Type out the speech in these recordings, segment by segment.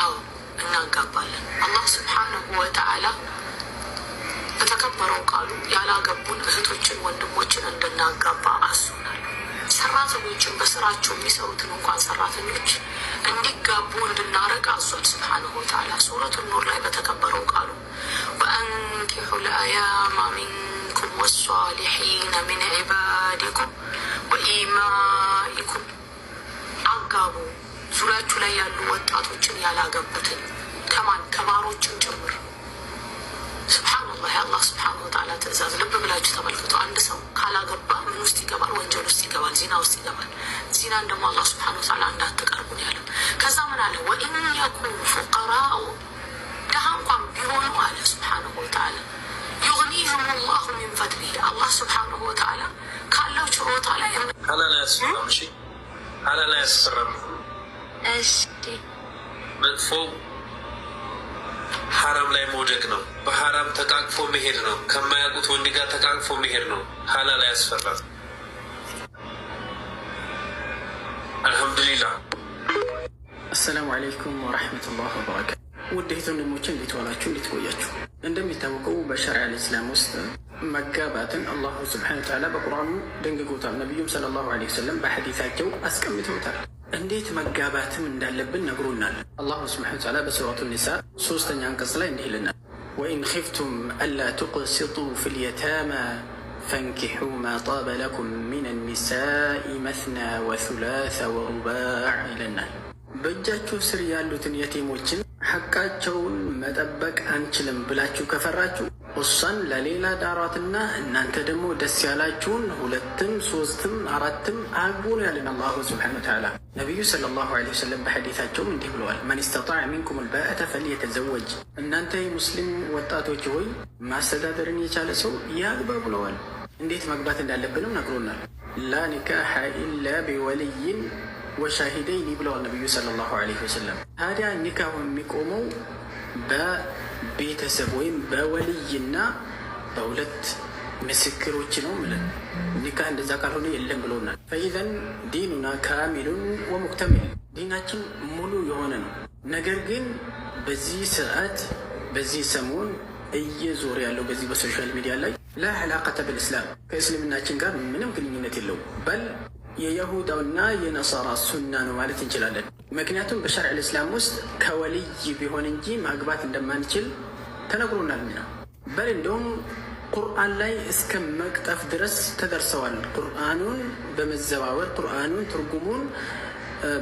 አዎ እናጋባለን። አላህ ስብሓነሁ ወተዓላ በተከበረው ቃሉ ያላገቡን እህቶችን ወንድሞችን እንድናጋባ አሱናል። ሰራተኞችን በስራቸው የሚሰሩትን እንኳን ሰራተኞች እንዲጋቡ እንድናረግ አዟል ስብሓነሁ ወተዓላ። ሱረት ኑር ላይ በተከበረው ቃሉ ወአንኪሑ ለአያማ ሚንኩም ወሷሊሒነ ሚን ዒባዲኩም ዙሪያችሁ ላይ ያሉ ወጣቶችን ያላገቡትን ከማን ተማሪዎችን ጭምር ስብሓንላህ የአላህ ስብሓን ወተዓላ ትእዛዝ ልብ ብላችሁ ተመልክቶ አንድ ሰው ካላገባ ምን ውስጥ ይገባል? ወንጀል ውስጥ ይገባል፣ ዚና ውስጥ ይገባል። ዚናን ደግሞ አላህ ስብሓን ወተዓላ እንዳትቀርቡ ነው ያለው። ከዛ ምን አለ? ወኢን የኩኑ ፉቀራኡ ድሃ እንኳን ቢሆኑ አለ ስብሓንሁ ወተዓላ ዩግኒህም ላሁ ሚን ፈድሊህ አላህ ስብሓንሁ ወተዓላ ካለው ችሮታ ላይ ሀላል አያስፈራም። ሀላል አያስፈራም። መጥፎ ሀራም ላይ መውደቅ ነው። በሐራም ተቃቅፎ መሄድ ነው። ከማያውቁት ወንድ ጋር ተቃቅፎ መሄድ ነው። ላይ ያስፈራል። አልሐምዱሊላ አሰላሙ አለይኩም ወረሕመቱላህ ወበረካቱ። ውድ ወንድሞች እንዴት ዋላችሁ? እንዴት ቆያችሁ? እንደሚታወቀው በሸሪዓ ኢስላም ውስጥ መጋባትን አላሁ ስብሐነ ወተዓላ በቁርአኑ ደንግጎታል። ነቢዩም ሰለላሁ አለይሂ ወሰለም በሐዲታቸው አስቀምጠውታል። እንዴት መጋባትም እንዳለብን ነግሮናል። አላሁ ስብሐነ ወተዓላ በሱረቱ ኒሳ ሶስተኛ አንቀጽ ላይ እንዲህ ይልናል፣ ወኢን ኺፍቱም አላ ቱቅስጡ ፊል የተማ ፈንኪሑ ማ ጣበ ለኩም ሚን ኒሳኢ መትና ወሱላሰ ወሩባዕ ይለናል። በእጃችሁ ስር ያሉትን የቲሞችን ሐቃቸውን መጠበቅ አንችልም ብላችሁ ከፈራችሁ እሷን ለሌላ ዳሯትና እናንተ ደግሞ ደስ ያላችሁን ሁለትም ሶስትም አራትም አግቡ ነው ያለን አላሁ ስብሐነ ወተዓላ። ነቢዩ ሰለላሁ ዐለይሂ ወሰለም በሐዲታቸውም እንዲህ ብለዋል፣ መን ስተጣዕ ሚንኩም አልባአተ ፈልየተዘወጅ። እናንተ የሙስሊም ወጣቶች ሆይ ማስተዳደርን የቻለ ሰው ያግባ ብለዋል። እንዴት መግባት እንዳለብንም ነግሮናል። ላ ኒካሐ ኢላ ቢወልይን ወሻሂደይን ብለዋል ነቢዩ ሰለላሁ ዐለይሂ ወሰለም። ታዲያ ኒካሁ የሚቆመው በ ቤተሰብ ወይም በወልይና በሁለት ምስክሮች ነው ምለን ኒካ እንደዛ ካልሆነ የለም ብሎናል። ፈይዘን ዲኑና ካሚሉን ወሙክተሚል ዲናችን ሙሉ የሆነ ነው። ነገር ግን በዚህ ሰዓት በዚህ ሰሞን እየዞረ ያለው በዚህ በሶሻል ሚዲያ ላይ ላ ዐላቀተ ብልእስላም ከእስልምናችን ጋር ምንም ግንኙነት የለው በል የየሁዳውና የነሳራ ሱና ነው ማለት እንችላለን። ምክንያቱም በሸርዕ ልእስላም ውስጥ ከወልይ ቢሆን እንጂ ማግባት እንደማንችል ተነግሮናል። ነው በል እንደውም ቁርአን ላይ እስከ መቅጠፍ ድረስ ተደርሰዋል። ቁርአኑን በመዘዋወር ቁርአኑን ትርጉሙን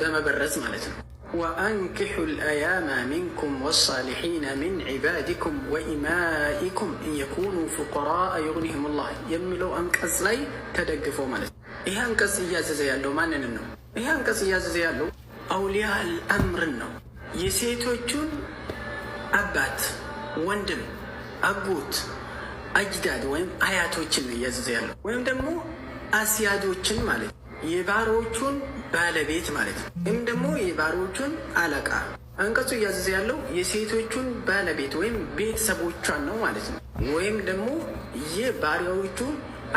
በመበረዝ ማለት ነው። ወአንኪሑ ልአያማ ሚንኩም ወሳሊሒነ ሚን ዒባዲኩም ወኢማኢኩም እንየኩኑ ፉቀራአ ዩግኒህም ላህ የሚለው አንቀጽ ላይ ተደግፎ ማለት ነው። ይህ አንቀጽ እያዘዘ ያለው ማንንን ነው? ይህ አንቀጽ እያዘዘ ያለው አውሊያል አምርን ነው። የሴቶቹን አባት፣ ወንድም፣ አጎት፣ አጅዳድ ወይም አያቶችን ነው እያዘዘ ያለው ወይም ደግሞ አስያዶችን ማለት ነው። የባሮቹን ባለቤት ማለት ነው። ወይም ደግሞ የባሮቹን አለቃ። አንቀጹ እያዘዘ ያለው የሴቶቹን ባለቤት ወይም ቤተሰቦቿን ነው ማለት ነው። ወይም ደግሞ የባሪያዎቹ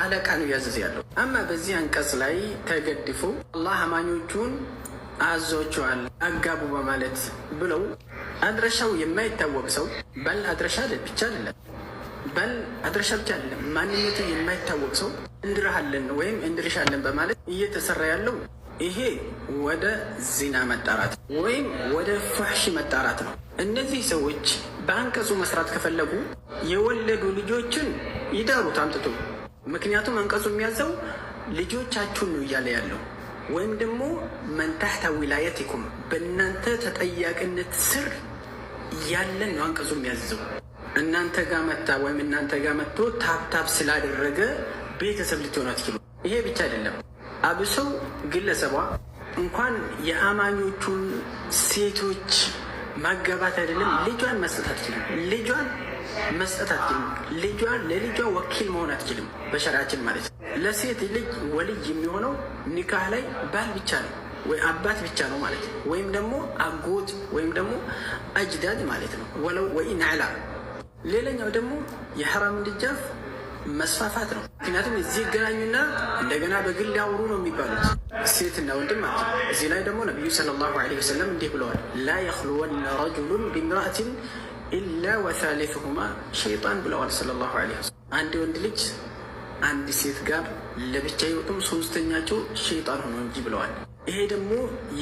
አለቃ ነው እያዘዘ ያለው። አማ በዚህ አንቀጽ ላይ ተገድፎ አላህ አማኞቹን አዞቸዋል አጋቡ በማለት ብለው አድረሻው የማይታወቅ ሰው በል አድረሻ ብቻ አይደለም በል አድረሻ ብቻ አይደለም ማንነቱ የማይታወቅ ሰው እንድረሃለን ወይም እንድርሻለን በማለት እየተሰራ ያለው ይሄ ወደ ዚና መጣራት ወይም ወደ ፋሽ መጣራት ነው። እነዚህ ሰዎች በአንቀጹ መስራት ከፈለጉ የወለዱ ልጆችን ይዳሩት አምጥቶ ምክንያቱም አንቀጹ የሚያዘው ልጆቻችሁን ነው እያለ ያለው ወይም ደግሞ መንታህታ ይኩም በእናንተ ተጠያቂነት ስር ያለን ነው አንቀጹ የሚያዘው። እናንተ ጋር መታ ወይም እናንተ ጋር መጥቶ ታፕታፕ ስላደረገ ቤተሰብ ልትሆኑ አትችሉ። ይሄ ብቻ አይደለም፣ አብሰው ግለሰቧ እንኳን የአማኞቹን ሴቶች ማገባት አይደለም ልጇን መስጠት አትችልም ልጇን መስጠት አትችልም። ልጇ ለልጇ ወኪል መሆን አትችልም በሸሪያችን ማለት ነው። ለሴት ልጅ ወልይ የሚሆነው ኒካህ ላይ ባል ብቻ ነው ወይ አባት ብቻ ነው ማለት ነው። ወይም ደግሞ አጎት ወይም ደግሞ አጅዳድ ማለት ነው። ወለው ወይ አላ ሌላኛው ደግሞ የሐራም ድጃፍ መስፋፋት ነው። ምክንያቱም እዚህ ይገናኙና እንደገና በግል ያውሩ ነው የሚባሉት ሴትና ወንድም ማለት ነው። እዚህ ላይ ደግሞ ነቢዩ ሰለላሁ ዐለይሂ ወሰለም እንዲህ ብለዋል ላ የኽልወነ ረጁሉን ቢምራእትን ኢላ ወሳሌትሁማ ሸይጣን ብለዋል ሰለላሁ ዐለይሂ ወሰለም። አንድ ወንድ ልጅ አንድ ሴት ጋር ለብቻ ይወጡም ሶስተኛቸው ሸይጣን ሆኖ እንጂ ብለዋል። ይሄ ደግሞ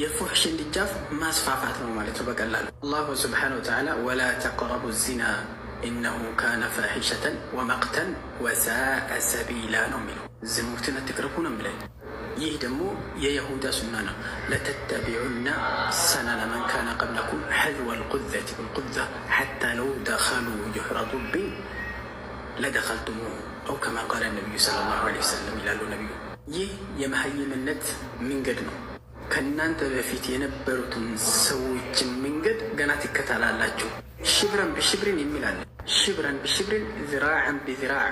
የፉሕሽን ድጃፍ ማስፋፋት ነው ማለት ነው በቀላሉ። አላሁ ስብሓነሁ ወተዓላ ወላ ተቅረቡ ዚና ኢነሁ ካነ ፋሒሸተን ወመቅተን ወሳአ ሰቢላ ነው የሚለው ዝሙትን አትቅርቡ ነው የሚለው ይህ ደግሞ የየሁዳ ሱና ነው። ለተተቢዑና ሰነነ መን ካነ ቀብለኩም ሕዝወ ልቁዘት ልቁዛ ሓታ ለው ደኸሉ ዩሕረጡ ብን ለደኸልቱሙ አው ከማ ቃለ ነቢዩ ሰለላሁ ዐለይሂ ወሰለም ይላሉ ነቢዩ። ይህ የመሀይምነት መንገድ ነው። ከእናንተ በፊት የነበሩትን ሰዎችን መንገድ ገና ትከተላላችሁ። ሽብረን ብሽብርን የሚል አለ። ሽብረን ብሽብርን ዝራዕን ብዝራዕ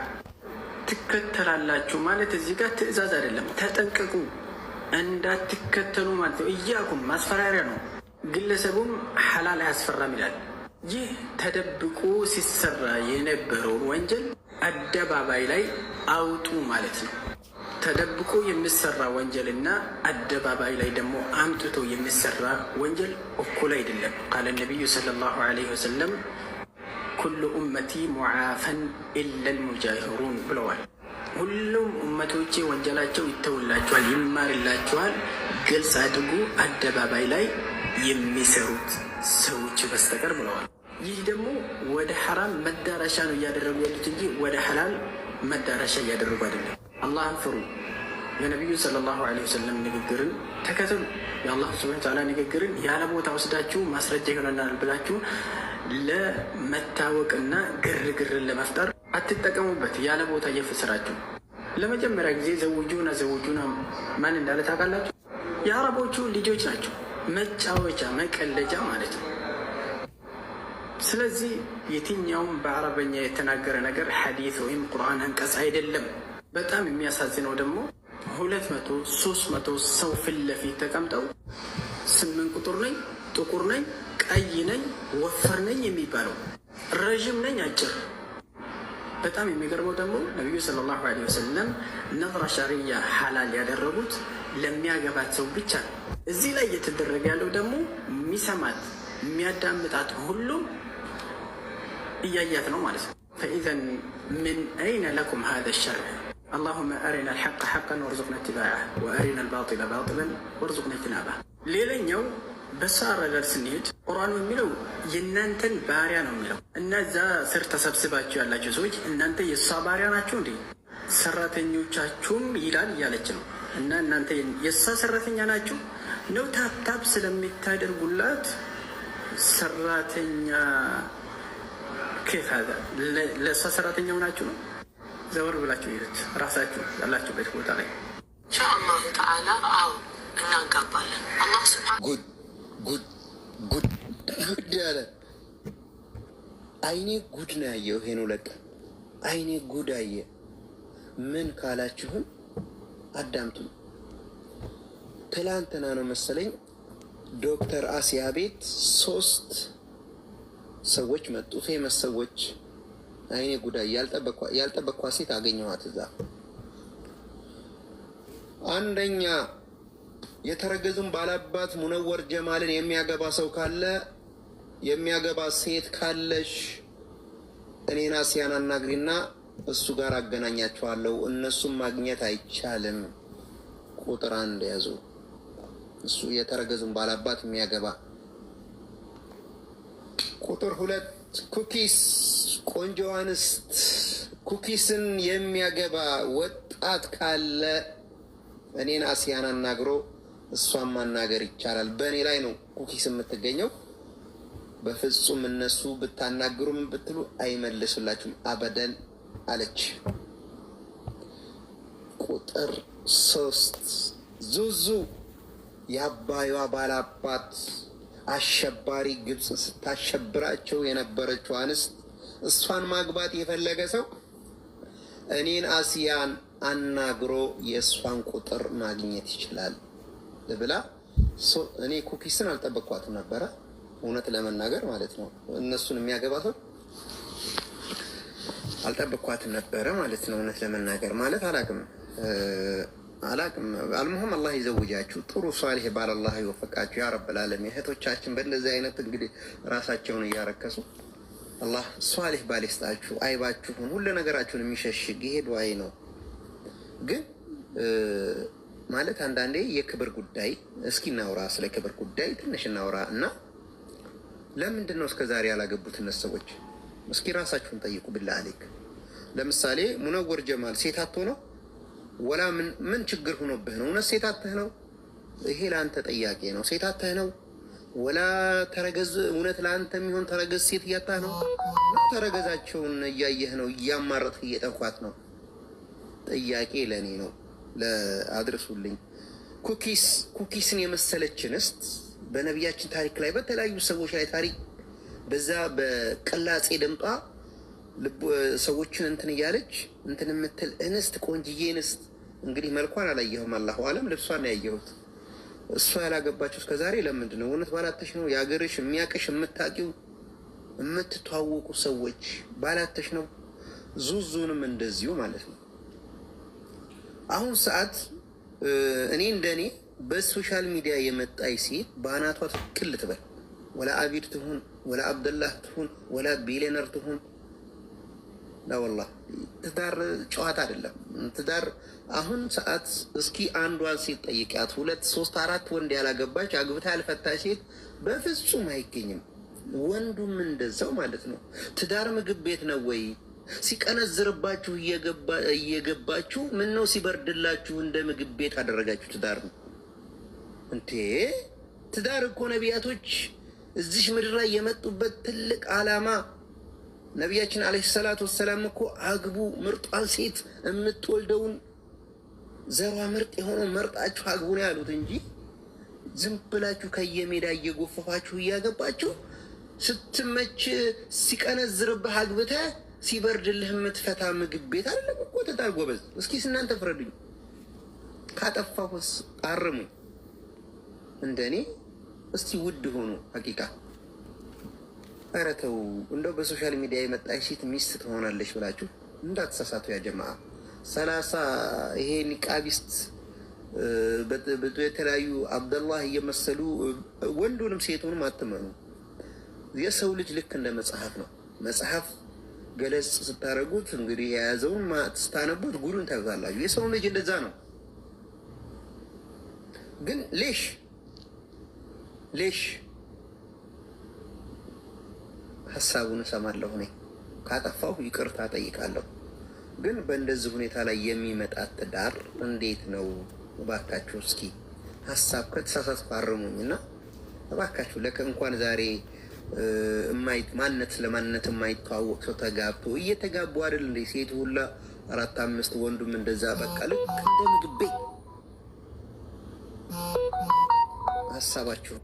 ትከተላላችሁ ማለት እዚህ ጋር ትዕዛዝ አይደለም፣ ተጠንቀቁ እንዳትከተሉ ማለት ነው። እያኩም ማስፈራሪያ ነው። ግለሰቡም ሐላል አያስፈራም ይላል። ይህ ተደብቆ ሲሰራ የነበረውን ወንጀል አደባባይ ላይ አውጡ ማለት ነው። ተደብቆ የሚሰራ ወንጀል እና አደባባይ ላይ ደግሞ አምጥቶ የሚሰራ ወንጀል እኩል አይደለም። ቃለ ነቢዩ ሰለላሁ ዐለይሂ ወሰለም ኩሉ ኡመቲ ሙዓፈን ኢለል ሙጃሂሩን ብለዋል። ሁሉም እመቶቼ ወንጀላቸው ይተውላቸዋል፣ ይማርላቸዋል። ግልጽ አድርጉ አደባባይ ላይ የሚሰሩት ሰዎች በስተቀር ብለዋል። ይህ ደግሞ ወደ ሐራም መዳረሻ ነው እያደረጉ ያሉት እንጂ ወደ ሐላል መዳረሻ እያደረጉ አይደለም። አላህን ፍሩ። የነቢዩ ሰለላሁ ዐለይሂ ወሰለም ንግግርን ተከተሉ። የአላህ ሱብሓነሁ ወተዓላ ንግግርን ያለ ቦታ ወስዳችሁ ማስረጃ ይሆነናል ብላችሁ ለመታወቅና ግርግርን ለመፍጠር አትጠቀሙበት። ያለ ቦታ እየፍስራችሁ ለመጀመሪያ ጊዜ ዘውጁና ዘውጁና ማን እንዳለ ታውቃላችሁ? የአረቦቹ ልጆች ናቸው። መጫወቻ መቀለጃ ማለት ነው። ስለዚህ የትኛውም በአረበኛ የተናገረ ነገር ሐዲት ወይም ቁርአን አንቀጽ አይደለም። በጣም የሚያሳዝነው ደግሞ ሁለት መቶ ሶስት መቶ ሰው ፊት ለፊት ተቀምጠው ስምንት ቁጥር ነኝ ጥቁር ነኝ ቀይ ነኝ፣ ወፍር ነኝ የሚባለው ረዥም ነኝ፣ አጭር በጣም የሚገርመው ደግሞ ነቢዩ ሰለላሁ ዐለይሂ ወሰለም ነዝራ ሸርያ ሐላል ያደረጉት ለሚያገባት ሰው ብቻ ነው። እዚህ ላይ እየተደረገ ያለው ደግሞ የሚሰማት የሚያዳምጣት ሁሉም እያያት ነው ማለት ነው። ፈኢዘን ምን አይነ ለኩም ሀዘ ሸርዕ አላሁመ አሪና ልሐቀ ሐቀን ወርዙቅና ትባዓ ወአሪና ልባጢለ ባጢለን ወርዙቅና ትናባ ሌላኛው በሱ አረዳድ ስንሄድ ቁርአኑ የሚለው የእናንተን ባህሪያ ነው የሚለው እና እዛ ስር ተሰብስባችሁ ያላቸው ሰዎች እናንተ የእሷ ባህሪያ ናቸው እንዴ ሰራተኞቻችሁም ይላል እያለች ነው። እና እናንተ የእሷ ሰራተኛ ናችሁ ነው ታብታብ ስለምታደርጉላት ሰራተኛ ከፋ ለእሷ ሰራተኛው ናችሁ ነው። ዘወር ብላችሁ ይሉት ራሳችሁ ያላችሁበት ቦታ ላይ ኢንሻአላሁ ተዓላ አዎ እናጋባለን አላህ ስብሃነ ጉድ አይኔ ጉድ ነው ያየው። ይሄን አይኔ ጉድ አየ። ምን ካላችሁም አዳምቱ ትላንትና ነው መሰለኝ ዶክተር አሲያ ቤት ሶስት ሰዎች መጡ፣ ፌመስ ሰዎች። አይኔ ጉዳይ ያልጠበቅኳ ሴት አገኘኋት እዛ አንደኛ የተረገዙም ባላባት ሙነወር ጀማልን የሚያገባ ሰው ካለ የሚያገባ ሴት ካለሽ እኔና ሲያን አናግሪና እሱ ጋር አገናኛችኋለሁ። እነሱም ማግኘት አይቻልም። ቁጥር አንድ ያዙ። እሱ የተረገዙም ባላባት የሚያገባ ቁጥር ሁለት ኩኪስ ቆንጆ አንስት ኩኪስን የሚያገባ ወጣት ካለ እኔን አስያን አናግሮ እሷን ማናገር ይቻላል። በእኔ ላይ ነው ኩኪስ የምትገኘው። በፍጹም እነሱ ብታናግሩም ብትሉ አይመልስላችሁም አበደን አለች። ቁጥር ሶስት ዙዙ የአባዩዋ ባላባት አሸባሪ ግብፅ ስታሸብራቸው የነበረችው አንስት እሷን ማግባት የፈለገ ሰው እኔን አስያን አናግሮ የእሷን ቁጥር ማግኘት ይችላል። ብላ እኔ ኩኪስን አልጠበቅኳትም ነበረ፣ እውነት ለመናገር ማለት ነው። እነሱን የሚያገባት አልጠበቅኳትም ነበረ ማለት ነው። እውነት ለመናገር ማለት አላቅም አላቅም አልሙሁም አላህ ይዘውጃችሁ ጥሩ ሷሊህ ባል አላህ ይወፈቃችሁ ያ ረብ እህቶቻችን በእንደዚህ አይነት እንግዲህ ራሳቸውን እያረከሱ አላህ ሷሊህ ባል ይስጣችሁ፣ አይባችሁን ሁሉ ነገራችሁን የሚሸሽግ ይሄ ዱዓይ ነው ግን ማለት አንዳንዴ የክብር ጉዳይ እስኪ እናውራ፣ ስለ ክብር ጉዳይ ትንሽ እናውራ እና ለምንድን ነው እስከዛሬ ያላገቡት እነት ሰዎች? እስኪ ራሳችሁን ጠይቁ። ብላ አሌክ ለምሳሌ ሙነወር ጀማል ሴት አትሆ ነው ወላ ምን ችግር ሆኖብህ ነው? እውነት ሴት ነው? ይሄ ለአንተ ጥያቄ ነው። ሴት ነው ወላ ተረገዝ? እውነት ለአንተ የሚሆን ተረገዝ ሴት እያታህ ነው? ተረገዛቸውን እያየህ ነው፣ እያማረጥህ እየጠንኳት ነው። ጥያቄ ለእኔ ነው። አድርሱልኝ። ኩኪስ ኩኪስን የመሰለች እንስት በነቢያችን ታሪክ ላይ በተለያዩ ሰዎች ላይ ታሪክ በዛ በቀላጼ ደምጧ ሰዎችን እንትን እያለች እንትን የምትል እንስት ቆንጅዬ እንስት እንግዲህ መልኳን አላየሁም፣ አላሁ አለም። ልብሷን ያየሁት እሷ ያላገባቸው እስከዛሬ ለምንድን ነው? እውነት ባላተሽ ነው የሀገርሽ የሚያቅሽ የምታቂው የምትተዋወቁ ሰዎች ባላተሽ ነው። ዙዙንም እንደዚሁ ማለት ነው። አሁን ሰዓት እኔ እንደኔ በሶሻል ሚዲያ የመጣች ሴት በአናቷ ትክክል ልትበል። ወላ አቢድ ትሁን፣ ወላ አብደላህ ትሁን፣ ወላ ቢሊነር ትሁን ላወላ ትዳር ጨዋታ አይደለም። ትዳር አሁን ሰዓት እስኪ አንዷን ሴት ጠይቂያት፣ ሁለት ሶስት አራት ወንድ ያላገባች አግብታ ያልፈታች ሴት በፍጹም አይገኝም። ወንዱም እንደዛው ማለት ነው። ትዳር ምግብ ቤት ነው ወይ ሲቀነዝርባችሁ እየገባችሁ ምን ነው ሲበርድላችሁ እንደ ምግብ ቤት አደረጋችሁ። ትዳር ነው እንቴ ትዳር እኮ ነቢያቶች እዚሽ ምድር ላይ የመጡበት ትልቅ አላማ ነቢያችን አለይሂ ሰላቱ ወሰላም እኮ አግቡ ምርጧን ሴት የምትወልደውን ዘሯ ምርጥ የሆነው መርጣችሁ አግቡ ነው ያሉት እንጂ ዝም ብላችሁ ከየሜዳ እየጎፈፋችሁ እያገባችሁ ስትመች ሲቀነዝርብህ አግብተህ ሲበርድልህ የምትፈታ ምግብ ቤት አይደለም እኮ ጎበዝ። እስኪ እናንተ ፍረዱኝ። ካጠፋሁስ አርሙ። እንደኔ እስቲ ውድ ሆኑ ሀቂቃ። ኧረ ተው እንደው በሶሻል ሚዲያ የመጣች ሴት ሚስት ትሆናለች ብላችሁ እንዳትሳሳቱ። ያጀማ ሰላሳ ይሄ ኒቃቢስት የተለያዩ አብደላህ እየመሰሉ ወንዱንም ሴቱንም አትመኑ። የሰው ልጅ ልክ እንደ መጽሐፍ ነው መጽሐፍ ገለጽ ስታደረጉት እንግዲህ የያዘውን ስታነቡት ጉዱን ታዛላችሁ። የሰውን ልጅ እንደዛ ነው። ግን ሌሽ ሌሽ ሀሳቡን እሰማለሁ እኔ ካጠፋሁ ይቅርታ ጠይቃለሁ። ግን በእንደዚህ ሁኔታ ላይ የሚመጣ ትዳር እንዴት ነው? እባካችሁ እስኪ ሀሳብ ከተሳሳት ፋርሙኝ እና እባካችሁ ለከ እንኳን ዛሬ ማንነት ለማንነት የማይተዋወቅ ሰው ተጋብቶ እየተጋቡ አይደል እንደ ሴት ሁላ አራት አምስት ወንዱም እንደዛ በቃ ልክ እንደ ምግብ ቤት ሀሳባችሁ